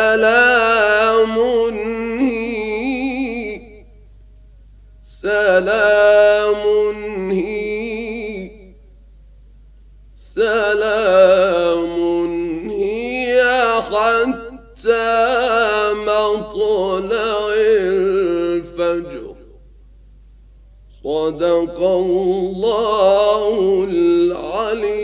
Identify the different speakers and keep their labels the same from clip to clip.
Speaker 1: سلام هي سلام هي سلام هي حتى مطلع الفجر صدق الله العليم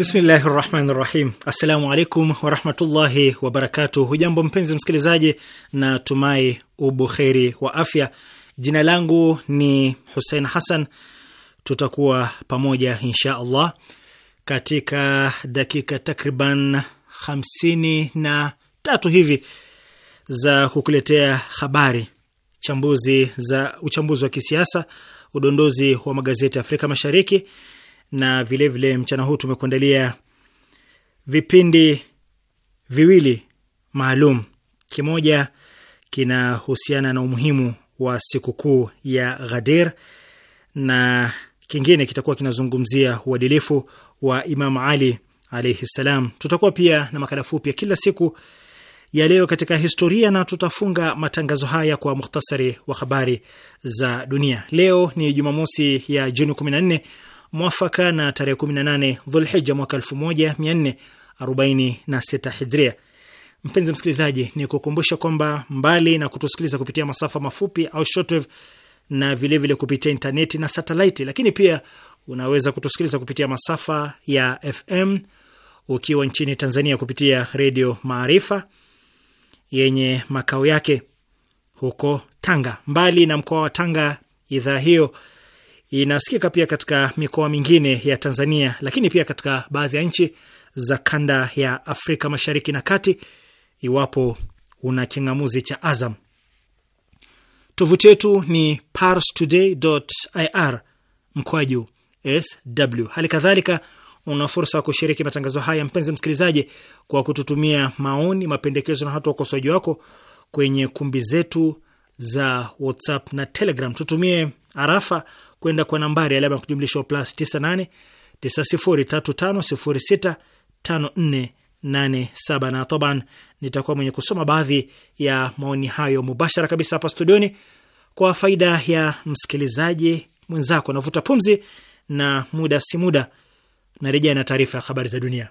Speaker 2: Bismillahi rahmani rahim. Assalamu alaikum warahmatullahi wabarakatu Hujambo mpenzi msikilizaji, na tumai ubuheri wa afya. Jina langu ni Husein Hasan, tutakuwa pamoja insha Allah katika dakika takriban hamsini na tatu hivi za kukuletea habari chambuzi za uchambuzi wa kisiasa, udondozi wa magazeti ya Afrika Mashariki na vilevile vile mchana huu tumekuandalia vipindi viwili maalum. Kimoja kinahusiana na umuhimu wa sikukuu ya Ghadir na kingine kitakuwa kinazungumzia uadilifu wa Imam Ali alaihi salam. Tutakuwa pia na makala fupi ya kila siku ya leo katika historia, na tutafunga matangazo haya kwa muhtasari wa habari za dunia. Leo ni Jumamosi ya Juni 14 mwafaka na tarehe 18 Dhulhija mwaka 1446 Hijria. Mpenzi msikilizaji, ni kukumbusha kwamba mbali na kutusikiliza kupitia masafa mafupi au shortwave na vilevile vile kupitia intaneti na satelaiti, lakini pia unaweza kutusikiliza kupitia masafa ya FM ukiwa nchini Tanzania kupitia Redio Maarifa yenye makao yake huko Tanga. Mbali na mkoa wa Tanga, idhaa hiyo inasikika pia katika mikoa mingine ya Tanzania, lakini pia katika baadhi ya nchi za kanda ya Afrika Mashariki na Kati, iwapo una king'amuzi cha Azam. Tovuti yetu ni parstoday.ir mkwaju sw. Hali kadhalika una fursa ya kushiriki matangazo haya, mpenzi msikilizaji, kwa kututumia maoni, mapendekezo na hata ukosoaji wako kwenye kumbi zetu za WhatsApp na Telegram. Tutumie arafa kwenda kwa nambari alama ya kujumlisha plus 98 9035065487 na toban nitakuwa mwenye kusoma baadhi ya maoni hayo mubashara kabisa hapa studioni kwa faida ya msikilizaji mwenzako. Navuta pumzi, na muda si muda narejea na taarifa ya habari za dunia.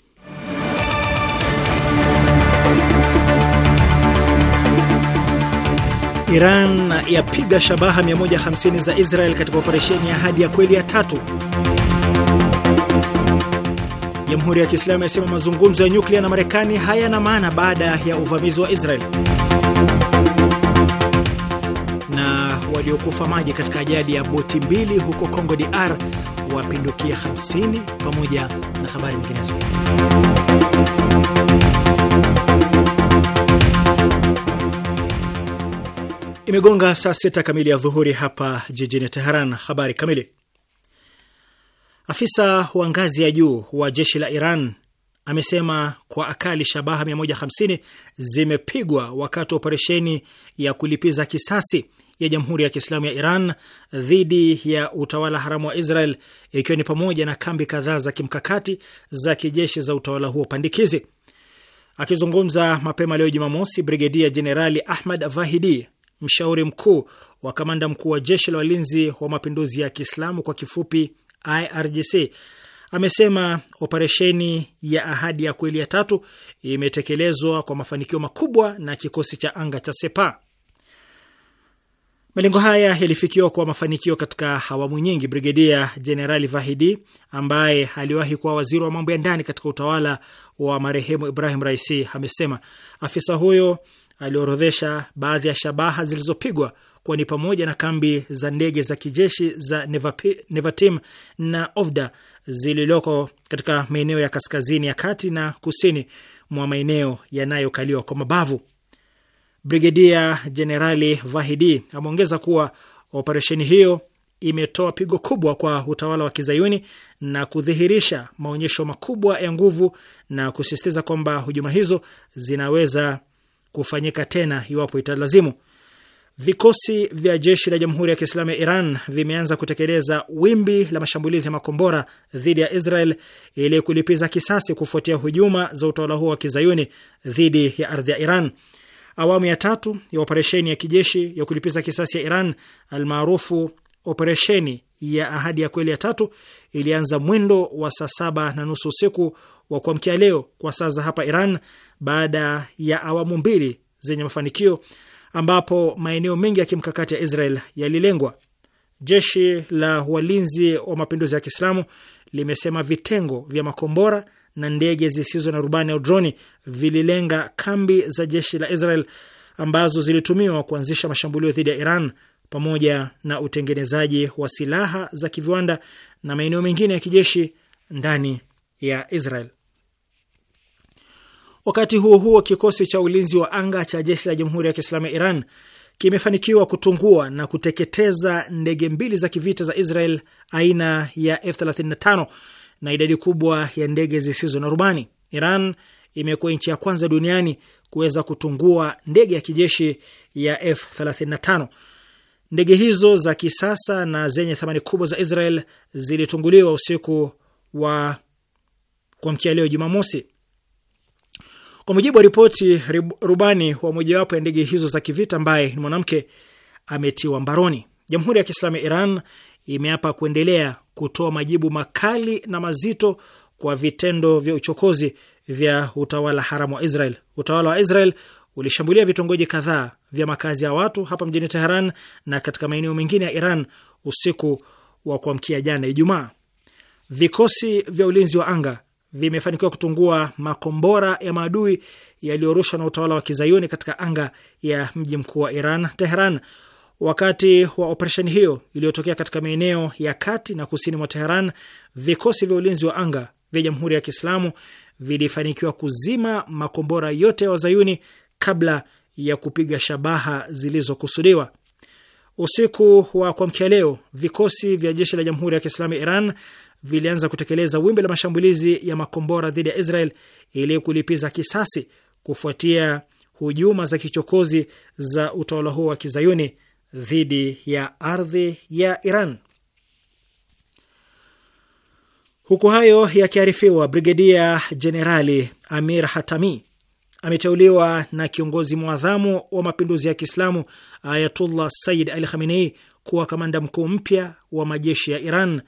Speaker 2: Iran yapiga shabaha 150 za Israel katika operesheni ya Ahadi ya Kweli ya tatu. Jamhuri ya, Kiislamu yasema mazungumzo ya nyuklia na Marekani hayana maana baada ya uvamizi wa Israel. Na waliokufa maji katika ajali ya boti mbili huko Congo DR wapindukia 50 pamoja na habari nyinginezo. Imegonga saa sita kamili ya dhuhuri hapa jijini Teheran. Habari kamili. Afisa wa ngazi ya juu wa jeshi la Iran amesema kwa akali shabaha 150 zimepigwa wakati wa operesheni ya kulipiza kisasi ya Jamhuri ya Kiislamu ya Iran dhidi ya utawala haramu wa Israel, ikiwa ni pamoja na kambi kadhaa za kimkakati za kijeshi za utawala huo pandikizi. Akizungumza mapema leo Jumamosi, Brigedia Jenerali Ahmad Vahidi mshauri mkuu wa kamanda mkuu wa jeshi la walinzi wa mapinduzi ya Kiislamu, kwa kifupi IRGC, amesema operesheni ya Ahadi ya Kweli ya tatu imetekelezwa kwa mafanikio makubwa na kikosi cha anga cha Sepa. Malengo haya yalifikiwa kwa mafanikio katika awamu nyingi. Brigedia Jenerali Vahidi, ambaye aliwahi kuwa waziri wa mambo ya ndani katika utawala wa marehemu Ibrahim Raisi, amesema afisa huyo aliorodhesha baadhi ya shabaha zilizopigwa kuwa ni pamoja na kambi za ndege za kijeshi za Nevatim na Ovda zililoko katika maeneo ya kaskazini ya kati na kusini mwa maeneo yanayokaliwa kwa mabavu. Brigedia Jenerali Vahidi ameongeza kuwa operesheni hiyo imetoa pigo kubwa kwa utawala wa kizayuni na kudhihirisha maonyesho makubwa ya nguvu na kusisitiza kwamba hujuma hizo zinaweza kufanyika tena iwapo italazimu. Vikosi vya jeshi la Jamhuri ya Kiislamu ya Iran vimeanza kutekeleza wimbi la mashambulizi ya makombora dhidi ya Israel ili kulipiza kisasi kufuatia hujuma za utawala huo wa kizayuni dhidi ya ardhi ya Iran. Awamu ya tatu ya operesheni ya kijeshi ya kulipiza kisasi ya Iran almaarufu operesheni ya Ahadi ya Kweli ya tatu ilianza mwendo wa saa saba na nusu usiku wa kuamkia leo kwa saa za hapa Iran, baada ya awamu mbili zenye mafanikio ambapo maeneo mengi ya kimkakati ya Israel yalilengwa. Jeshi la walinzi wa mapinduzi ya Kiislamu limesema vitengo vya makombora na ndege zisizo na rubani au droni vililenga kambi za jeshi la Israel ambazo zilitumiwa kuanzisha mashambulio dhidi ya Iran pamoja na utengenezaji wa silaha za kiviwanda na maeneo mengine ya kijeshi ndani ya Israel. Wakati huo huo, kikosi cha ulinzi wa anga cha jeshi la Jamhuri ya Kiislamu ya Iran kimefanikiwa kutungua na kuteketeza ndege mbili za kivita za Israel aina ya F35 na idadi kubwa ya ndege zisizo na rubani. Iran imekuwa nchi ya kwanza duniani kuweza kutungua ndege ya kijeshi ya F35. Ndege hizo za kisasa na zenye thamani kubwa za Israel zilitunguliwa usiku wa kuamkia leo Jumamosi. Kwa mujibu wa ripoti, rubani wa mojawapo ya ndege hizo za kivita ambaye ni mwanamke ametiwa mbaroni. Jamhuri ya Kiislamu ya Iran imeapa kuendelea kutoa majibu makali na mazito kwa vitendo vya uchokozi vya utawala haramu wa Israel. Utawala wa Israel ulishambulia vitongoji kadhaa vya makazi ya watu hapa mjini Teheran na katika maeneo mengine ya Iran usiku wa kuamkia jana Ijumaa. Vikosi vya ulinzi wa anga vimefanikiwa kutungua makombora ya maadui yaliyorushwa na utawala wa kizayuni katika anga ya mji mkuu wa Iran, Teheran. Wakati wa operesheni hiyo iliyotokea katika maeneo ya kati na kusini mwa Teheran, vikosi vya ulinzi wa anga vya Jamhuri ya Kiislamu vilifanikiwa kuzima makombora yote ya wazayuni kabla ya kupiga shabaha zilizokusudiwa. Usiku wa kuamkia leo, vikosi vya jeshi la Jamhuri ya Kiislamu ya Iran vilianza kutekeleza wimbi la mashambulizi ya makombora dhidi ya Israel ili kulipiza kisasi kufuatia hujuma za kichokozi za utawala huo wa kizayuni dhidi ya ardhi ya Iran. Huku hayo yakiarifiwa, Brigedia Jenerali Amir Hatami ameteuliwa na kiongozi mwadhamu wa mapinduzi ya Kiislamu Ayatullah Sayyid Ali Khamenei kuwa kamanda mkuu mpya wa majeshi ya Iran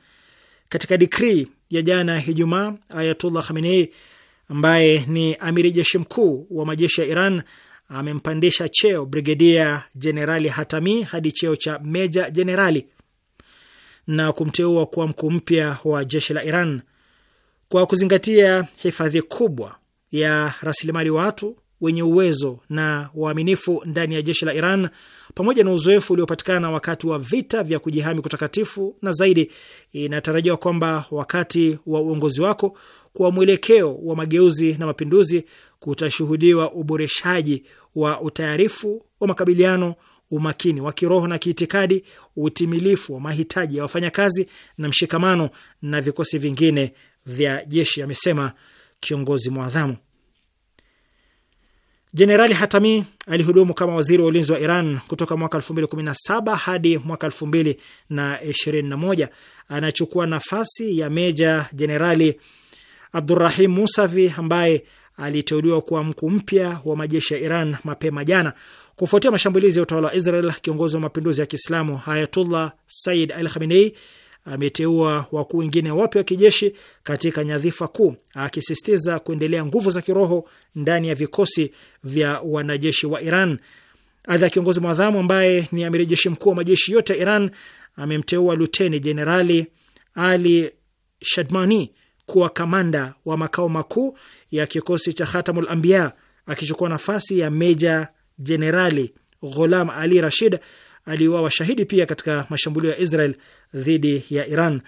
Speaker 2: katika dikrii ya jana Ijumaa, Ayatullah Khamenei ambaye ni amiri jeshi mkuu wa majeshi ya Iran amempandisha cheo Brigedia Jenerali Hatami hadi cheo cha meja jenerali na kumteua kuwa mkuu mpya wa jeshi la Iran. Kwa kuzingatia hifadhi kubwa ya rasilimali watu wenye uwezo na waaminifu ndani ya jeshi la Iran, pamoja na uzoefu uliopatikana wakati wa vita vya kujihami kutakatifu, na zaidi inatarajiwa kwamba wakati wa uongozi wako kwa mwelekeo wa mageuzi na mapinduzi kutashuhudiwa uboreshaji wa utayarifu wa makabiliano, umakini wa kiroho na kiitikadi, utimilifu wa mahitaji ya wafanyakazi na mshikamano na vikosi vingine vya jeshi, amesema kiongozi mwadhamu. Jenerali Hatami alihudumu kama waziri wa ulinzi wa Iran kutoka mwaka 2017 hadi mwaka 2021. Anachukua nafasi ya meja jenerali Abdurahim Musavi ambaye aliteuliwa kuwa mkuu mpya wa majeshi ya Iran mapema jana kufuatia mashambulizi ya utawala wa Israel. Kiongozi wa mapinduzi ya Kiislamu Ayatullah Sayyid Al Khamenei ameteua wakuu wengine wapya wa kijeshi katika nyadhifa kuu, akisisitiza kuendelea nguvu za kiroho ndani ya vikosi vya wanajeshi wa Iran. Aidha, kiongozi mwadhamu ambaye ni amiri jeshi mkuu wa majeshi yote ya Iran amemteua luteni jenerali Ali Shadmani kuwa kamanda wa makao makuu ya kikosi cha Khatamul Anbiya, akichukua nafasi ya meja jenerali Ghulam Ali Rashid aliuawa shahidi pia katika mashambulio ya Israel dhidi ya Iran.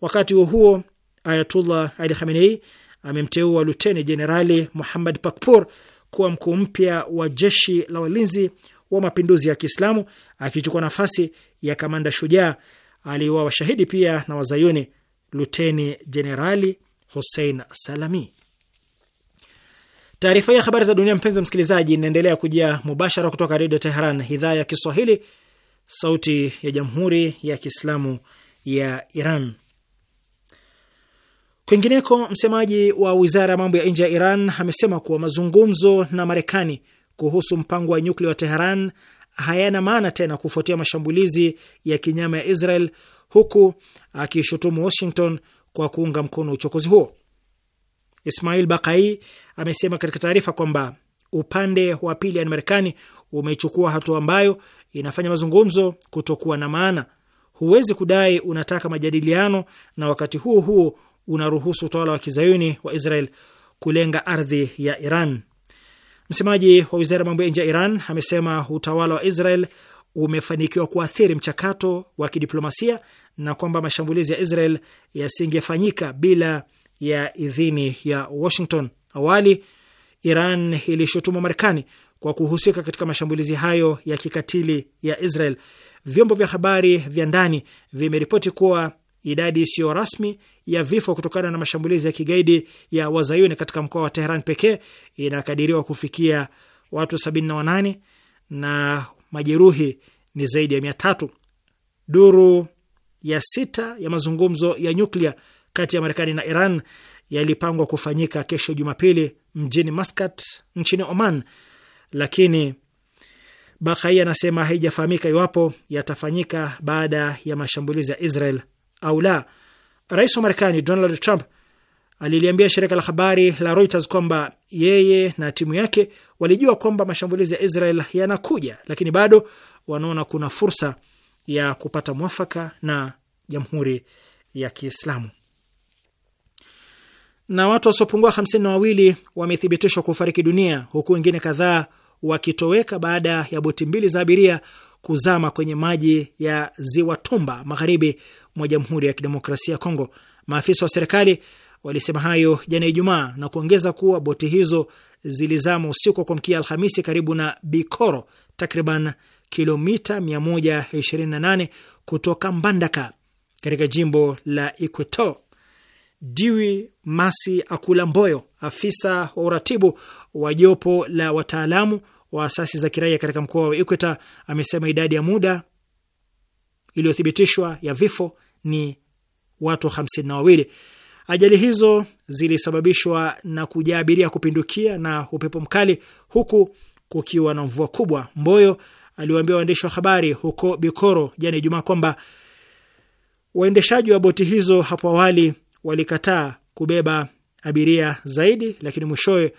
Speaker 2: Wakati huo huo, Ayatullah Ali Khamenei amemteua Luteni Jenerali Muhammad Pakpur kuwa mkuu mpya wa jeshi la walinzi wa mapinduzi ya Kiislamu, akichukua nafasi ya kamanda shujaa aliuawa shahidi pia na wazayuni Luteni Jenerali Hussein Salami. Taarifa ya habari za dunia, mpenzi msikilizaji, inaendelea kujia mubashara kutoka Redio Teheran, idhaa ya Kiswahili, sauti ya jamhuri ya Kiislamu ya Iran. Kwingineko, msemaji wa wizara ya mambo ya nje ya Iran amesema kuwa mazungumzo na Marekani kuhusu mpango wa nyuklia wa Teheran hayana maana tena kufuatia mashambulizi ya kinyama ya Israel, huku akishutumu Washington kwa kuunga mkono uchokozi huo. Ismail Bakai amesema katika taarifa kwamba upande wa pili, yani Marekani, umechukua hatua ambayo inafanya mazungumzo kutokuwa na maana. Huwezi kudai unataka majadiliano na wakati huo huo unaruhusu utawala wa kizayuni wa Israel kulenga ardhi ya Iran. Msemaji wa wizara ya mambo ya nje ya Iran amesema utawala wa Israel umefanikiwa kuathiri mchakato wa kidiplomasia na kwamba mashambulizi ya Israel yasingefanyika bila ya idhini ya Washington. Awali Iran ilishutumu Marekani kwa kuhusika katika mashambulizi hayo ya kikatili ya Israel. Vyombo vya habari vya ndani vimeripoti kuwa idadi isiyo rasmi ya vifo kutokana na mashambulizi ya kigaidi ya wazayuni katika mkoa wa Teheran pekee inakadiriwa kufikia watu 78 na majeruhi ni zaidi ya mia tatu. Duru ya sita ya mazungumzo ya nyuklia kati ya Marekani na Iran yalipangwa kufanyika kesho Jumapili mjini Maskat nchini Oman lakini Bakai anasema haijafahamika iwapo yatafanyika baada ya mashambulizi ya Israel au la. Rais wa Marekani Donald Trump aliliambia shirika la habari la Reuters kwamba yeye na timu yake walijua kwamba mashambulizi ya Israel yanakuja, lakini bado wanaona kuna fursa ya kupata mwafaka na Jamhuri ya Kiislamu. Na watu wasiopungua hamsini na wawili wamethibitishwa kufariki dunia huku wengine kadhaa wakitoweka baada ya boti mbili za abiria kuzama kwenye maji ya ziwa Tumba magharibi mwa Jamhuri ya Kidemokrasia ya Kongo. Maafisa wa serikali walisema hayo jana Ijumaa na kuongeza kuwa boti hizo zilizama usiku wa kuamkia Alhamisi karibu na Bikoro, takriban kilomita 128 kutoka Mbandaka katika jimbo la Equator. Diwi Masi Akula Mboyo, afisa wa uratibu wa jopo la wataalamu wa asasi za kiraia katika mkoa wa Ikweta amesema idadi ya muda iliyothibitishwa ya vifo ni watu hamsini na wawili. Ajali hizo zilisababishwa na kujaa abiria kupindukia na upepo mkali huku kukiwa na mvua kubwa. Mboyo aliwaambia waandishi wa habari huko Bikoro jana Ijumaa kwamba waendeshaji wa boti hizo hapo awali walikataa kubeba abiria zaidi, lakini mwishowe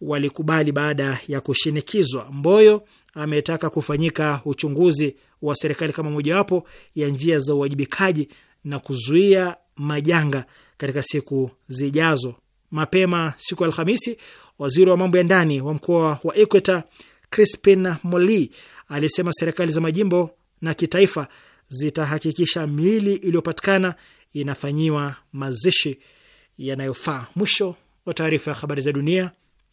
Speaker 2: walikubali baada ya kushinikizwa. Mboyo ametaka kufanyika uchunguzi wa serikali kama mojawapo ya njia za uwajibikaji na kuzuia majanga katika siku zijazo. Mapema siku ya Alhamisi, waziri wa mambo ya ndani wa mkoa wa Equator Crispin Moli alisema serikali za majimbo na kitaifa zitahakikisha miili iliyopatikana inafanyiwa mazishi yanayofaa. Mwisho wa taarifa ya habari za dunia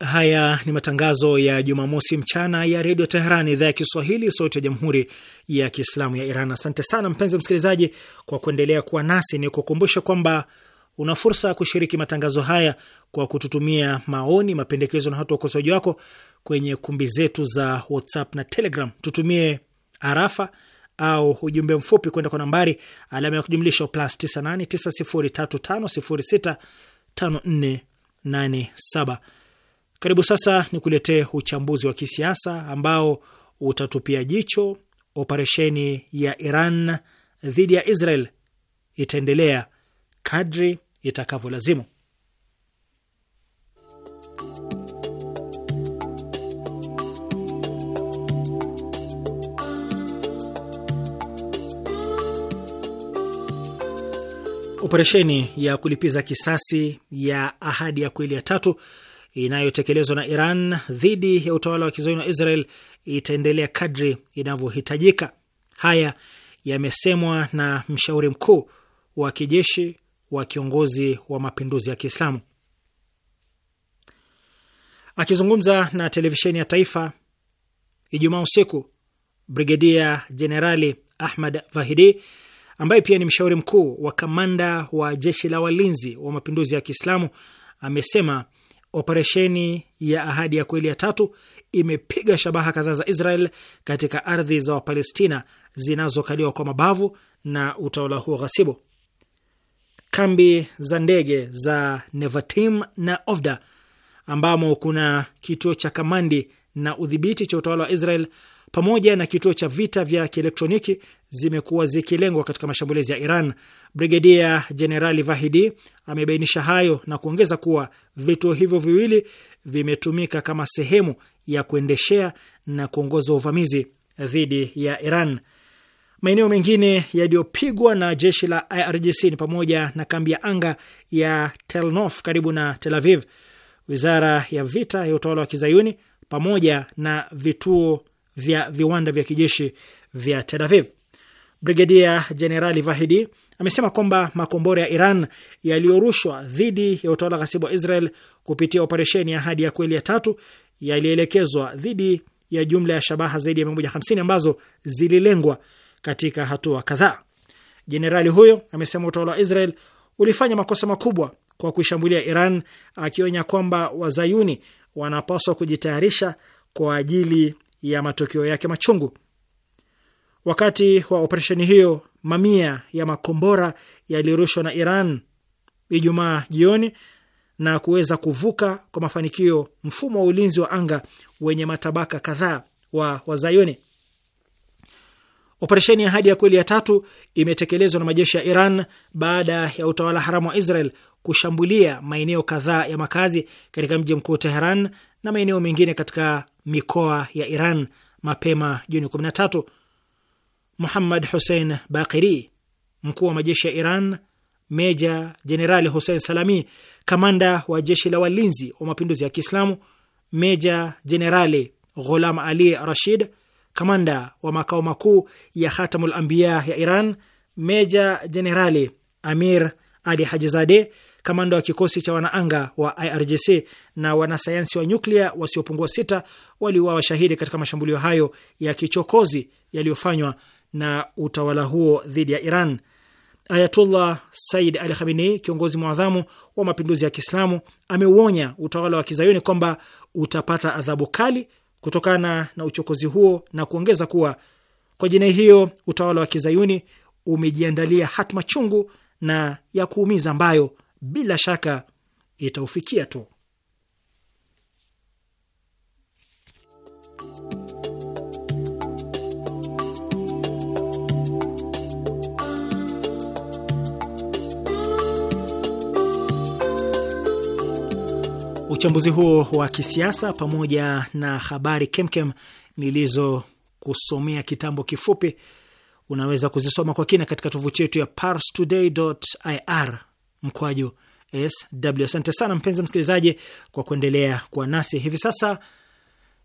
Speaker 2: Haya ni matangazo ya Jumamosi mchana ya redio Teheran, idhaa ya Kiswahili, sauti ya jamhuri ya kiislamu ya Iran. Asante sana mpenzi msikilizaji kwa kuendelea kuwa nasi. Ni kukumbusha kwamba una fursa ya kushiriki matangazo haya kwa kututumia maoni, mapendekezo na hata ukosoaji wako kwenye kumbi zetu za WhatsApp na Telegram. Tutumie arafa au ujumbe mfupi kwenda kwa nambari alama ya kujumlisha plus 98 9035065487 karibu sasa ni kuletee uchambuzi wa kisiasa ambao utatupia jicho operesheni ya Iran dhidi ya Israel itaendelea kadri itakavyolazimu. Operesheni ya kulipiza kisasi ya Ahadi ya Kweli ya Tatu inayotekelezwa na Iran dhidi ya utawala wa kizayuni wa Israel itaendelea kadri inavyohitajika. Haya yamesemwa na mshauri mkuu wa kijeshi wa kiongozi wa mapinduzi ya Kiislamu akizungumza na televisheni ya taifa Ijumaa usiku. Brigedia Jenerali Ahmad Vahidi ambaye pia ni mshauri mkuu wa kamanda wa jeshi la walinzi wa mapinduzi ya Kiislamu amesema Operesheni ya Ahadi ya Kweli ya tatu imepiga shabaha kadhaa za Israel katika ardhi za Wapalestina zinazokaliwa kwa mabavu na utawala huo ghasibu. Kambi za ndege za Nevatim na ofda ambamo kuna kituo cha kamandi na udhibiti cha utawala wa Israel pamoja na kituo cha vita vya kielektroniki zimekuwa zikilengwa katika mashambulizi ya Iran Brigedia Jenerali Vahidi amebainisha hayo na kuongeza kuwa vituo hivyo viwili vimetumika kama sehemu ya kuendeshea na kuongoza uvamizi dhidi ya Iran. Maeneo mengine yaliyopigwa na jeshi la IRGC ni pamoja na kambi ya anga ya Telnof karibu na Tel Aviv, wizara ya vita ya utawala wa Kizayuni, pamoja na vituo vya viwanda vya kijeshi vya Tel Aviv. Brigedia Jenerali Vahidi amesema kwamba makombora ya Iran yaliyorushwa dhidi ya utawala ghasibu wa Israel kupitia operesheni ya Ahadi ya Kweli ya tatu yalielekezwa dhidi ya jumla ya shabaha zaidi ya 150 ambazo zililengwa katika hatua kadhaa. Jenerali huyo amesema utawala wa Israel ulifanya makosa makubwa kwa kuishambulia Iran, akionya kwamba wazayuni wanapaswa kujitayarisha kwa ajili ya matokeo yake machungu. Wakati wa operesheni hiyo mamia ya makombora yaliyorushwa na Iran Ijumaa jioni na kuweza kuvuka kwa mafanikio mfumo wa ulinzi wa anga wenye matabaka kadhaa wa Wazayuni. Operesheni ya Ahadi ya Kweli ya tatu imetekelezwa na majeshi ya Iran baada ya utawala haramu wa Israel kushambulia maeneo kadhaa ya makazi katika mji mkuu Teheran na maeneo mengine katika mikoa ya Iran mapema Juni Muhammad Hussein Bakiri, mkuu wa majeshi ya Iran Meja Jenerali Hussein Salami, kamanda wa jeshi la walinzi wa mapinduzi ya Kiislamu Meja Jenerali Ghulam Ali Rashid, kamanda wa makao makuu ya Hatamul Anbiya ya Iran Meja Jenerali Amir Ali Hajizade, kamanda wa kikosi cha wanaanga wa IRGC na wanasayansi wa nyuklia wasiopungua sita waliuawa shahidi katika mashambulio hayo ya kichokozi yaliyofanywa na utawala huo dhidi ya Iran. Ayatullah Said Ali Khamenei, kiongozi mwadhamu wa mapinduzi ya Kiislamu, ameuonya utawala wa kizayuni kwamba utapata adhabu kali kutokana na uchokozi huo na kuongeza kuwa kwa jinai hiyo utawala wa kizayuni umejiandalia hatma chungu na ya kuumiza ambayo bila shaka itaufikia tu. Uchambuzi huo wa kisiasa pamoja na habari kemkem nilizokusomea kitambo kifupi unaweza kuzisoma kwa kina katika tovuti yetu ya parstoday.ir mkwaju sw. Asante sana mpenzi msikilizaji kwa kuendelea kuwa nasi hivi sasa.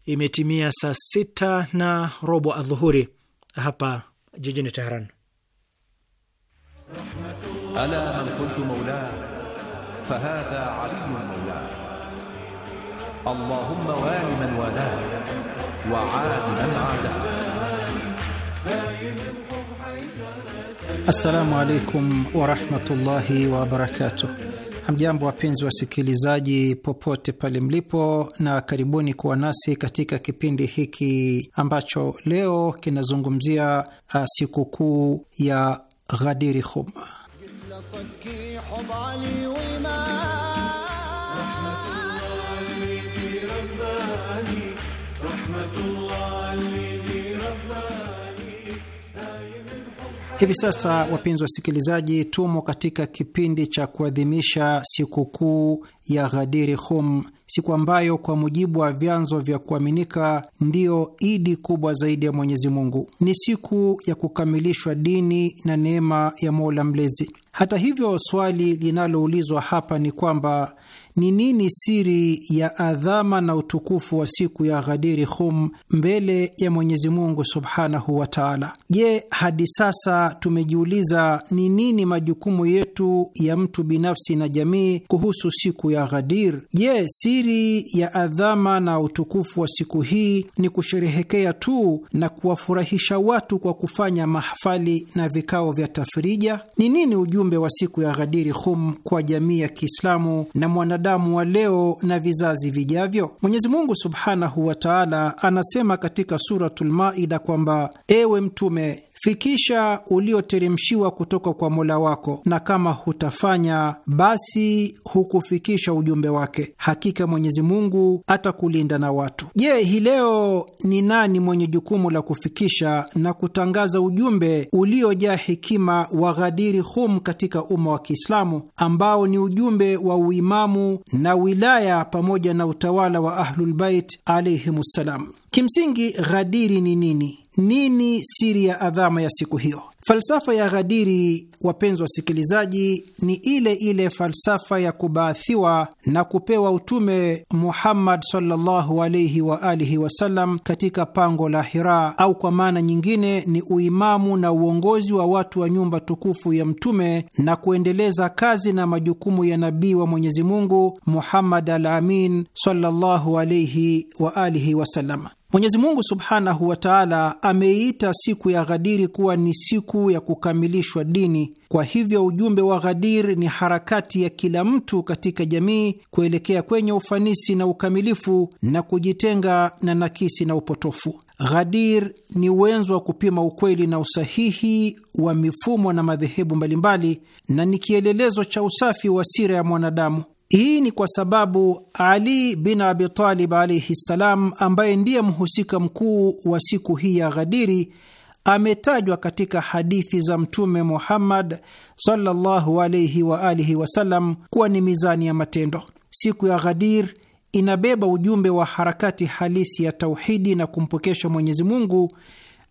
Speaker 2: Imetimia saa sita na robo adhuhuri hapa
Speaker 3: jijini Teheran. ala man kuntu maula fahadha اللهم وال من والاه وعاد من عاداه Assalamu alaikum warahmatullahi wabarakatuh. Hamjambo wapenzi wasikilizaji, popote pale mlipo, na karibuni kuwa nasi katika kipindi hiki ambacho leo kinazungumzia uh, sikukuu ya ghadiri Hum. Hivi sasa, wapenzi wasikilizaji, tumo katika kipindi cha kuadhimisha sikukuu ya ghadiri Khum, siku ambayo kwa mujibu wa vyanzo vya kuaminika ndiyo idi kubwa zaidi ya Mwenyezi Mungu. Ni siku ya kukamilishwa dini na neema ya Mola Mlezi. Hata hivyo, swali linaloulizwa hapa ni kwamba ni nini siri ya adhama na utukufu wa siku ya Ghadiri Khum mbele ya Mwenyezi Mungu subhanahu wa taala? Je, hadi sasa tumejiuliza ni nini majukumu yetu ya mtu binafsi na jamii kuhusu siku ya Ghadir? Je, siri ya adhama na utukufu wa siku hii ni kusherehekea tu na kuwafurahisha watu kwa kufanya mahafali na vikao vya tafrija? Ni nini ujumbe wa siku ya Ghadiri Khum kwa jamii ya Kiislamu na mwana wanadamu wa leo na vizazi vijavyo? Mwenyezi Mungu subhanahu wa taala anasema katika Suratul Maida kwamba ewe Mtume, fikisha ulioteremshiwa kutoka kwa Mola wako, na kama hutafanya basi hukufikisha ujumbe wake. Hakika Mwenyezi Mungu atakulinda na watu. Je, hii leo ni nani mwenye jukumu la kufikisha na kutangaza ujumbe uliojaa hekima wa Ghadiri Hum katika umma wa Kiislamu, ambao ni ujumbe wa uimamu na wilaya pamoja na utawala wa Ahlulbait alaihimussalam? Kimsingi, Ghadiri ni nini? Nini siri ya adhama ya siku hiyo? Falsafa ya Ghadiri, wapenzi wasikilizaji, ni ile ile falsafa ya kubaathiwa na kupewa utume Muhammad sallallahu alaihi wa alihi wasallam katika pango la Hira, au kwa maana nyingine ni uimamu na uongozi wa watu wa nyumba tukufu ya Mtume na kuendeleza kazi na majukumu ya nabii wa Mwenyezi Mungu Muhammad al Amin sallallahu alaihi wa alihi wasallam. Mwenyezi Mungu subhanahu wa taala ameiita siku ya Ghadiri kuwa ni siku ya kukamilishwa dini. Kwa hivyo, ujumbe wa Ghadir ni harakati ya kila mtu katika jamii kuelekea kwenye ufanisi na ukamilifu na kujitenga na nakisi na upotofu. Ghadir ni uwenzo wa kupima ukweli na usahihi wa mifumo na madhehebu mbalimbali, na ni kielelezo cha usafi wa sira ya mwanadamu. Hii ni kwa sababu Ali bin Abi Talib alaihi ssalam, ambaye ndiye mhusika mkuu wa siku hii ya Ghadiri, ametajwa katika hadithi za Mtume Muhammad sallallahu alaihi wa alihi wasallam kuwa ni mizani ya matendo. Siku ya Ghadir inabeba ujumbe wa harakati halisi ya tauhidi na kumpokesha Mwenyezi Mungu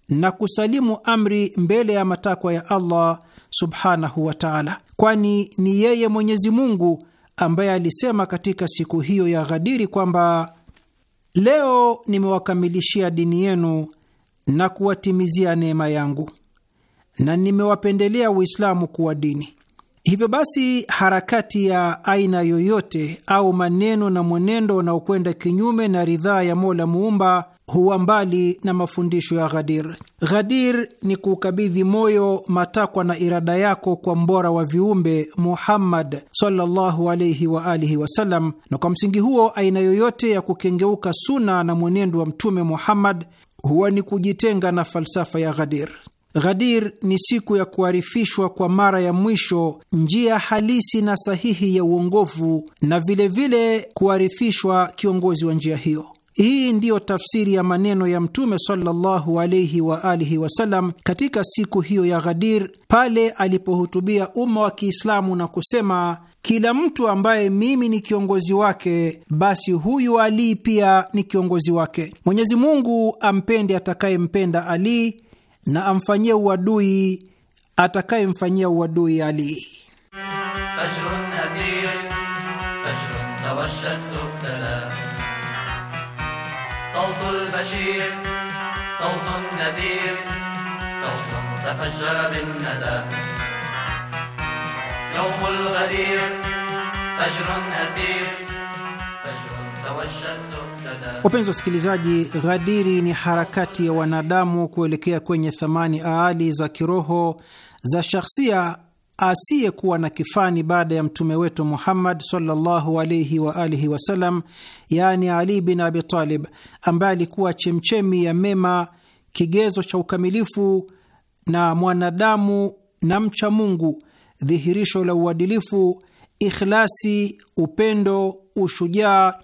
Speaker 3: na kusalimu amri mbele ya matakwa ya Allah subhanahu wa taala, kwani ni yeye Mwenyezi Mungu ambaye alisema katika siku hiyo ya Ghadiri kwamba leo nimewakamilishia dini yenu na kuwatimizia neema yangu na nimewapendelea Uislamu kuwa dini. Hivyo basi, harakati ya aina yoyote au maneno na mwenendo unaokwenda kinyume na ridhaa ya Mola Muumba huwa mbali na mafundisho ya Ghadir. Ghadir ni kuukabidhi moyo, matakwa na irada yako kwa mbora wa viumbe Muhammad sallallahu alayhi wa alihi wasallam, na kwa msingi huo aina yoyote ya kukengeuka suna na mwenendo wa Mtume Muhammad huwa ni kujitenga na falsafa ya Ghadir. Ghadir ni siku ya kuarifishwa kwa mara ya mwisho njia halisi na sahihi ya uongovu na vilevile kuarifishwa kiongozi wa njia hiyo. Hii ndiyo tafsiri ya maneno ya Mtume sallallahu alaihi wa alihi wasallam katika siku hiyo ya Ghadir, pale alipohutubia umma wa Kiislamu na kusema, kila mtu ambaye mimi ni kiongozi wake, basi huyu Ali pia ni kiongozi wake. Mwenyezi Mungu ampende atakayempenda Ali na amfanyie uadui atakayemfanyia uadui Ali.
Speaker 4: فجر بالندى يوم الغدير فجر أثير
Speaker 2: Wapenzi
Speaker 3: wasikilizaji, ghadiri ni harakati ya wanadamu kuelekea kwenye thamani aali za kiroho za shakhsia asiyekuwa na kifani baada ya mtume wetu Muhammad sallallahu alaihi wa alihi wasallam, yaani Ali bin Abi Talib, ambaye alikuwa chemchemi ya mema, kigezo cha ukamilifu na mwanadamu na mcha Mungu, dhihirisho la uadilifu, ikhlasi, upendo, ushujaa,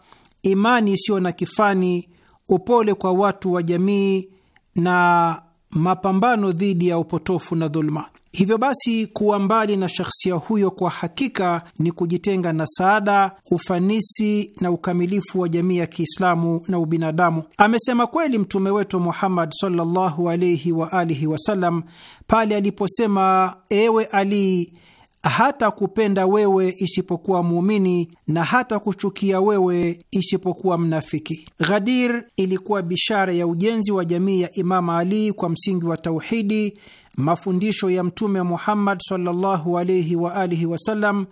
Speaker 3: imani isiyo na kifani, upole kwa watu wa jamii na mapambano dhidi ya upotofu na dhuluma. Hivyo basi kuwa mbali na shakhsia huyo kwa hakika ni kujitenga na saada, ufanisi na ukamilifu wa jamii ya Kiislamu na ubinadamu. Amesema kweli mtume wetu Muhammad sallallahu alaihi wa alihi wasallam pale aliposema, ewe Ali, hata kupenda wewe isipokuwa muumini na hata kuchukia wewe isipokuwa mnafiki. Ghadir ilikuwa bishara ya ujenzi wa jamii ya Imama Ali kwa msingi wa tauhidi mafundisho ya Mtume Muhammad sallallahu alaihi wa alihi wasallam,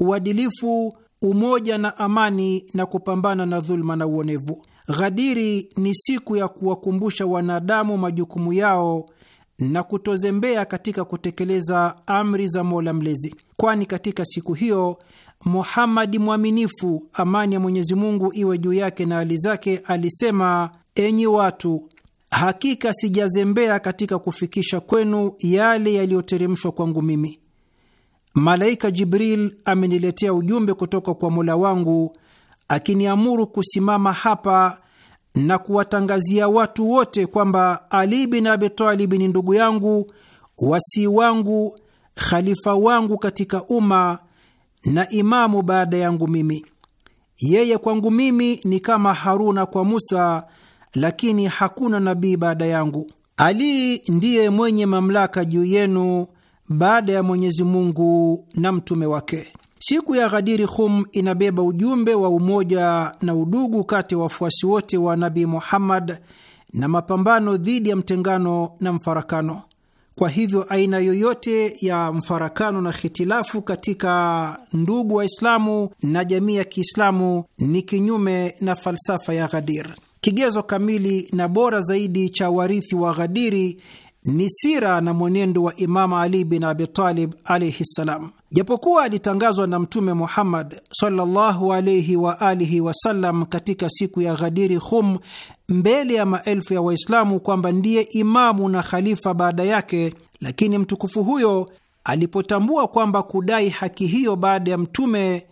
Speaker 3: uadilifu, umoja na amani, na kupambana na dhuluma na uonevu. Ghadiri ni siku ya kuwakumbusha wanadamu majukumu yao na kutozembea katika kutekeleza amri za Mola Mlezi, kwani katika siku hiyo Muhammadi mwaminifu, amani ya Mwenyezi Mungu iwe juu yake na hali zake, alisema: enyi watu Hakika sijazembea katika kufikisha kwenu yale yaliyoteremshwa kwangu mimi. Malaika Jibril ameniletea ujumbe kutoka kwa Mola wangu akiniamuru kusimama hapa na kuwatangazia watu wote kwamba Ali bin Abi Talib ni ndugu yangu, wasii wangu, khalifa wangu katika umma na imamu baada yangu mimi. Yeye kwangu mimi ni kama Haruna kwa Musa lakini hakuna nabii baada yangu. Ali ndiye mwenye mamlaka juu yenu baada ya Mwenyezi Mungu na mtume wake. Siku ya Ghadiri Khum inabeba ujumbe wa umoja na udugu kati ya wafuasi wote wa Nabii Muhammad na mapambano dhidi ya mtengano na mfarakano. Kwa hivyo aina yoyote ya mfarakano na hitilafu katika ndugu Waislamu na jamii ya Kiislamu ni kinyume na falsafa ya Ghadir. Kigezo kamili na bora zaidi cha warithi wa Ghadiri ni sira na mwenendo wa Imamu Ali bin Abitalib alaihi ssalam. Japokuwa alitangazwa na Mtume Muhammad sallallahu alaihi wa alihi wasallam katika siku ya Ghadiri Khum mbele ya maelfu ya Waislamu kwamba ndiye imamu na khalifa baada yake, lakini mtukufu huyo alipotambua kwamba kudai haki hiyo baada ya Mtume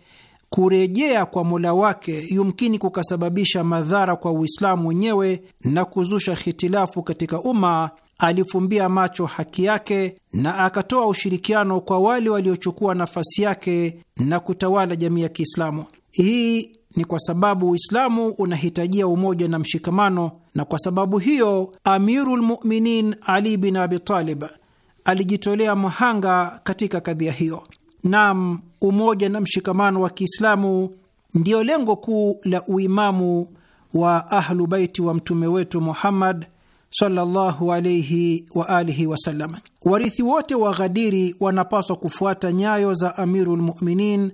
Speaker 3: kurejea kwa mola wake yumkini kukasababisha madhara kwa Uislamu wenyewe na kuzusha hitilafu katika umma, alifumbia macho haki yake na akatoa ushirikiano kwa wale waliochukua nafasi yake na kutawala jamii ya Kiislamu. Hii ni kwa sababu Uislamu unahitajia umoja na mshikamano, na kwa sababu hiyo amirulmuminin Ali bin Abi Talib alijitolea mhanga katika kadhia hiyo. Naam, umoja na mshikamano wa Kiislamu ndiyo lengo kuu la uimamu wa Ahlu Baiti wa mtume wetu Muhammad sallallahu alayhi wa alihi wasallam. Warithi wote wa Ghadiri wanapaswa kufuata nyayo za Amirul Muminin,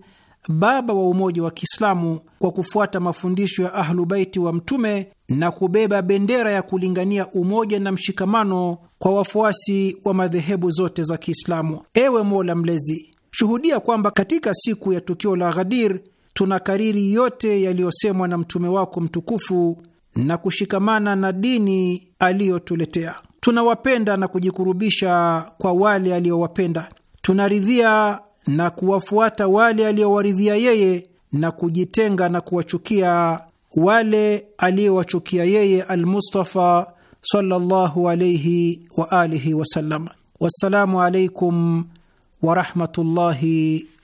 Speaker 3: baba wa umoja wa Kiislamu, kwa kufuata mafundisho ya Ahlu Baiti wa mtume na kubeba bendera ya kulingania umoja na mshikamano kwa wafuasi wa madhehebu zote za Kiislamu. Ewe Mola Mlezi, shuhudia kwamba katika siku ya tukio la Ghadir tuna kariri yote yaliyosemwa na mtume wako mtukufu na kushikamana na dini aliyotuletea. Tunawapenda na kujikurubisha kwa wale aliyowapenda, tunaridhia na kuwafuata wale aliyowaridhia yeye, na kujitenga na kuwachukia wale aliyowachukia yeye. Almustafa sallallahu alaihi wa alihi wasallam. Wassalamu alaikum ورحمة الله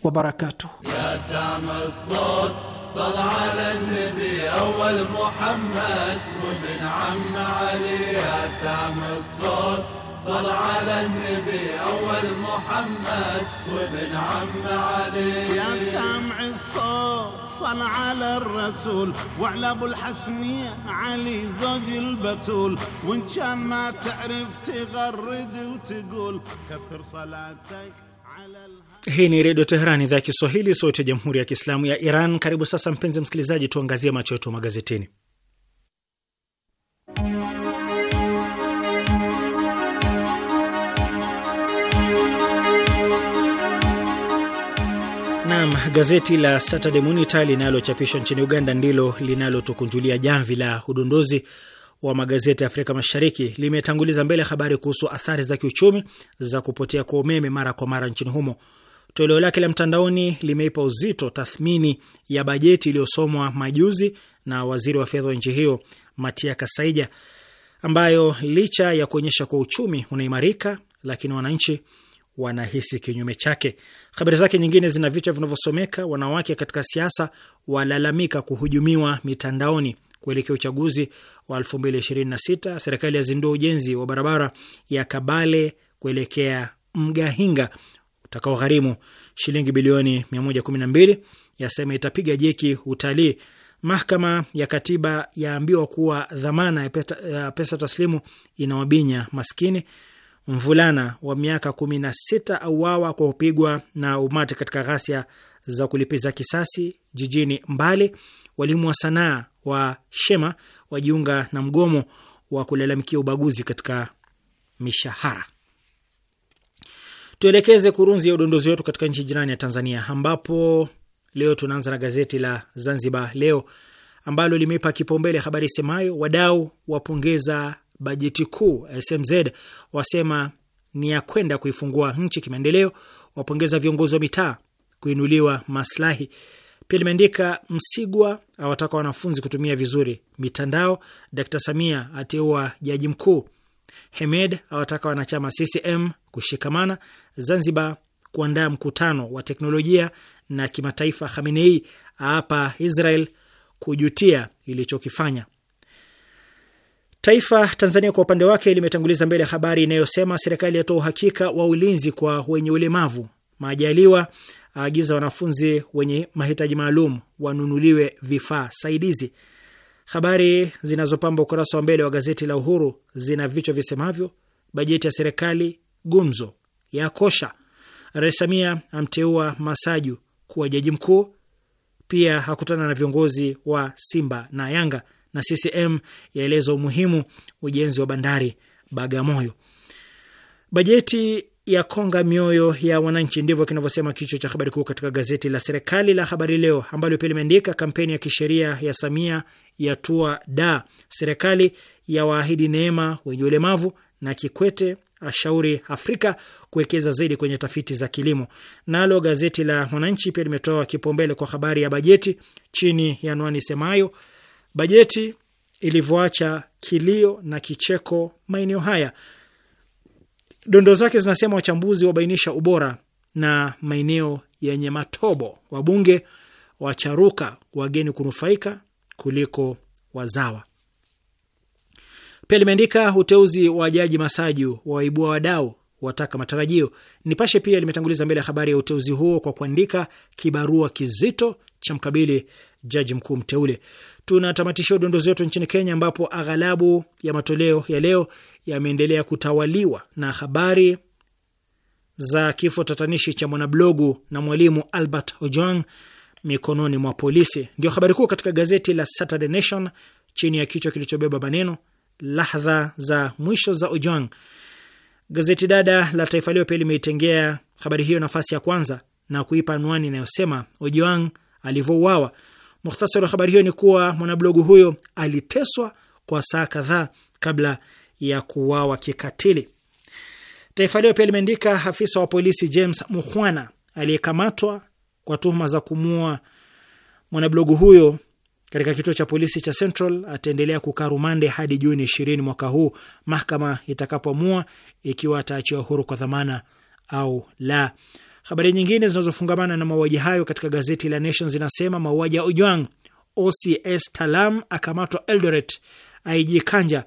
Speaker 3: وبركاته
Speaker 4: يا سامع الصوت صل على النبي أول محمد وابن عم علي يا سامع الصوت صل على النبي أول محمد وابن عم علي يا سامع
Speaker 5: الصوت صل على الرسول وعلى ابو الحسن علي زوج البتول وان كان ما تعرف تغرد وتقول كثر صلاتك
Speaker 2: Hii ni Redio Teheran, idhaa ya Kiswahili, sauti ya Jamhuri ya Kiislamu ya Iran. Karibu sasa, mpenzi msikilizaji, tuangazie macho yetu magazetini. Nam, gazeti la Saturday Monitor linalochapishwa nchini Uganda ndilo linalotukunjulia jamvi la udondozi wa magazeti ya Afrika Mashariki. Limetanguliza mbele habari kuhusu athari za kiuchumi za kupotea kwa umeme mara kwa mara nchini humo. Toleo lake la mtandaoni limeipa uzito tathmini ya bajeti iliyosomwa majuzi na waziri wa fedha wa nchi hiyo Matia Kasaija, ambayo licha ya kuonyesha kwa uchumi unaimarika, lakini wananchi wanahisi kinyume chake. Habari zake nyingine zina vichwa vinavyosomeka: wanawake katika siasa walalamika kuhujumiwa mitandaoni kuelekea uchaguzi wa 2026, serikali yazindua ujenzi wa barabara ya Kabale kuelekea Mgahinga utakaogharimu shilingi bilioni 112, yasema itapiga jeki utalii. Mahakama ya Katiba yaambiwa kuwa dhamana ya pesa taslimu inawabinya maskini. Mvulana wa miaka sita auawa kwa kupigwa na umati katika ghasia za kulipiza kisasi jijini Mbale. Walimu wa sanaa wa Shema wajiunga na mgomo wa kulalamikia ubaguzi katika mishahara. Tuelekeze kurunzi ya udondozi wetu katika nchi jirani ya Tanzania, ambapo leo tunaanza na gazeti la Zanzibar Leo ambalo limeipa kipaumbele habari semayo wadau wapongeza bajeti kuu, SMZ wasema ni ya kwenda kuifungua nchi kimaendeleo, wapongeza viongozi wa mitaa kuinuliwa maslahi. Pia limeandika Msigwa awataka wanafunzi kutumia vizuri mitandao, Dkt Samia ateua jaji mkuu, Hemed awataka wanachama CCM kushikamana. Zanzibar kuandaa mkutano wa teknolojia na kimataifa. Khamenei aapa Israel kujutia ilichokifanya. Taifa Tanzania kwa upande wake limetanguliza mbele habari inayosema serikali yatoa uhakika wa ulinzi kwa wenye ulemavu. Majaliwa aagiza wanafunzi wenye mahitaji maalum wanunuliwe vifaa saidizi. Habari zinazopamba ukurasa wa mbele wa gazeti la Uhuru zina vichwa visemavyo: bajeti ya serikali gumzo ya kosha, Rais Samia amteua Masaju kuwa jaji mkuu, pia hakutana na viongozi wa Simba na Yanga, na CCM yaeleza umuhimu ujenzi wa bandari Bagamoyo. Bajeti ya konga mioyo ya wananchi, ndivyo kinavyosema kichwa cha habari kuu katika gazeti la serikali la Habari Leo, ambalo pia limeandika kampeni ya kisheria ya Samia ya tua da, serikali ya waahidi neema wenye ulemavu, na Kikwete ashauri Afrika kuwekeza zaidi kwenye tafiti za kilimo. Nalo gazeti la Mwananchi pia limetoa kipaumbele kwa habari ya bajeti chini ya anwani semayo bajeti ilivyoacha kilio na kicheko maeneo haya. Dondoo zake zinasema wachambuzi wabainisha ubora na maeneo yenye matobo, wabunge wacharuka, wageni kunufaika kuliko wazawa. Pia limeandika uteuzi wa jaji Masaju waibua wadau wataka matarajio. Nipashe pia limetanguliza mbele ya habari ya uteuzi huo kwa kuandika kibarua kizito cha mkabili jaji mkuu mteule. Tunatamatishia udondozi wetu nchini Kenya, ambapo aghalabu ya matoleo ya leo yameendelea kutawaliwa na habari za kifo tatanishi cha mwanablogu na mwalimu Albert Ojwang mikononi mwa polisi. Ndio habari kuu katika gazeti la Saturday Nation chini ya kichwa kilichobeba maneno lahdha za mwisho za Ojwang. Gazeti dada la Taifa Leo pia limeitengea habari hiyo nafasi ya kwanza na kuipa anwani inayosema Ojwang alivyouawa Mukhtasari wa habari hiyo ni kuwa mwanablogu huyo aliteswa kwa saa kadhaa kabla ya kuuawa kikatili. Taifa Leo pia limeandika afisa wa polisi James Mukhwana aliyekamatwa kwa tuhuma za kumua mwanablogu huyo katika kituo cha polisi cha Central ataendelea kukaa rumande hadi Juni ishirini mwaka huu, mahakama itakapoamua ikiwa ataachiwa huru kwa dhamana au la. Habari nyingine zinazofungamana na mauaji hayo katika gazeti la Nation zinasema mauaji ya Ojwang, OCS Talam akamatwa Eldoret, IG Kanja